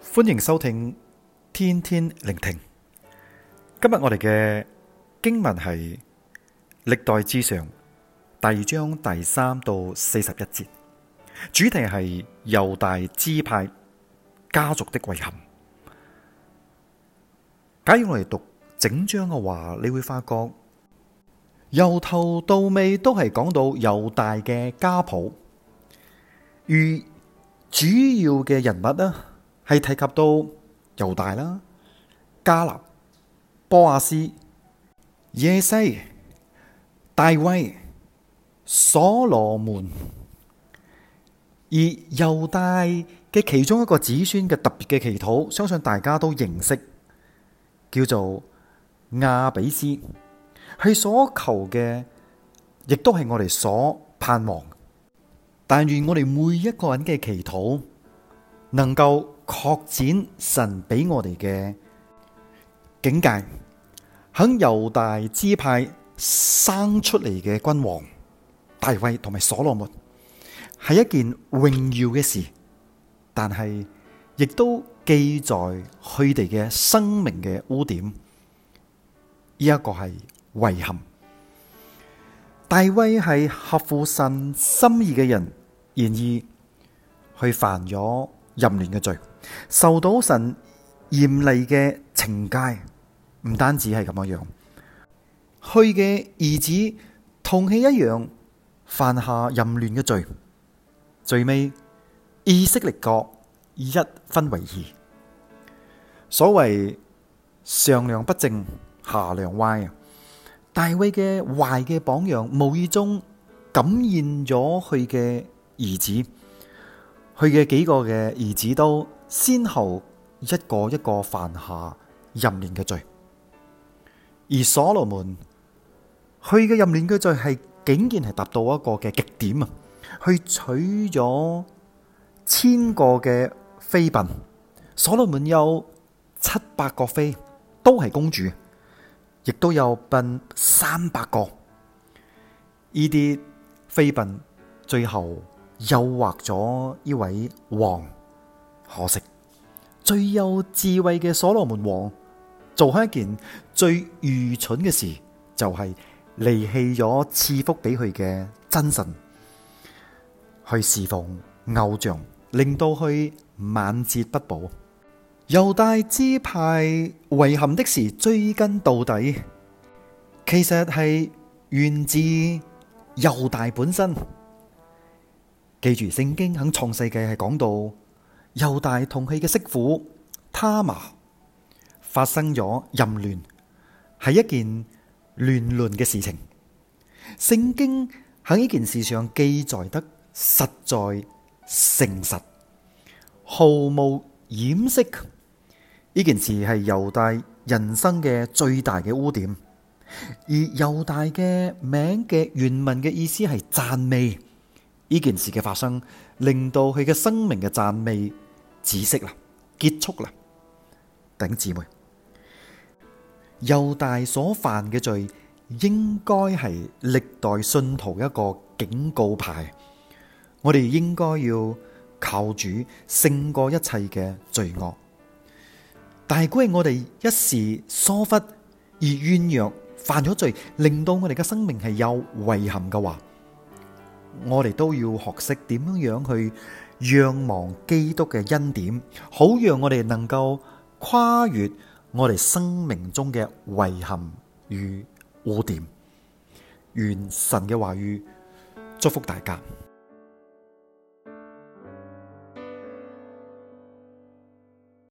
歡迎收聽天天聆聽。今日我哋嘅經文係歷代志上第二章第三到四十一節，主題係猶大支派家族的遺憾。假如我哋讀整章嘅話，你會發覺由頭到尾都係講到猶大嘅家譜，而主要嘅人物呢係提及到猶大啦、迦勒、波阿斯、耶西、大衛、所羅門，而猶大嘅其中一個子孫嘅特別嘅祈禱，相信大家都認識，叫做雅比斯，係所求嘅，亦都係我哋所盼望。但願我哋每一個人嘅祈禱能夠。擴展神俾我哋嘅境界，喺猶大支派生出嚟嘅君王大衛同埋所羅門係一件榮耀嘅事，但係亦都記載佢哋嘅生命嘅污點。呢、這、一個係遺憾。大衛係合乎神心意嘅人，然而去犯咗淫亂嘅罪。受到神嚴厲嘅懲戒，唔單止係咁樣樣，佢嘅兒子同氣一樣犯下淫亂嘅罪，最尾以色列國一分為二。所謂上梁不正下梁歪，大衛嘅壞嘅榜樣，無意中感染咗佢嘅兒子，佢嘅幾個嘅兒子都先後一個一個犯下淫亂嘅罪，而所羅門去嘅淫亂嘅罪係竟然係達到一個嘅極點啊！去娶咗千個嘅妃嬪，所羅門有七百個妃都係公主，亦都有嬪三百個。呢啲妃嬪最後誘惑咗呢位王。可惜，最有智慧嘅所羅門王做開一件最愚蠢嘅事，就係離棄咗賜福俾佢嘅真神，去侍奉偶像，令到佢晚節不保。猶大支派遺憾的事，追根到底，其實係源自猶大本身。記住，聖經喺創世記係講到。猶大同佢嘅媳婦他瑪發生咗淫亂，係一件亂倫嘅事情。聖經喺呢件事上記載得實在誠實，毫無掩飾。呢件事係猶大人生嘅最大嘅污點，而猶大嘅名嘅原文嘅意思係讚美。呢件事嘅發生，令到佢嘅生命嘅讚美止息啦，結束啦。頂姊妹，猶大所犯嘅罪，應該係歷代信徒一個警告牌。我哋應該要靠主勝過一切嘅罪惡。但係，如果我哋一時疏忽而軟弱，犯咗罪，令到我哋嘅生命係有遺憾嘅話，我哋都要學識點樣去仰望基督嘅恩典，好讓我哋能夠跨越我哋生命中嘅遺憾與污點。願神嘅話語祝福大家。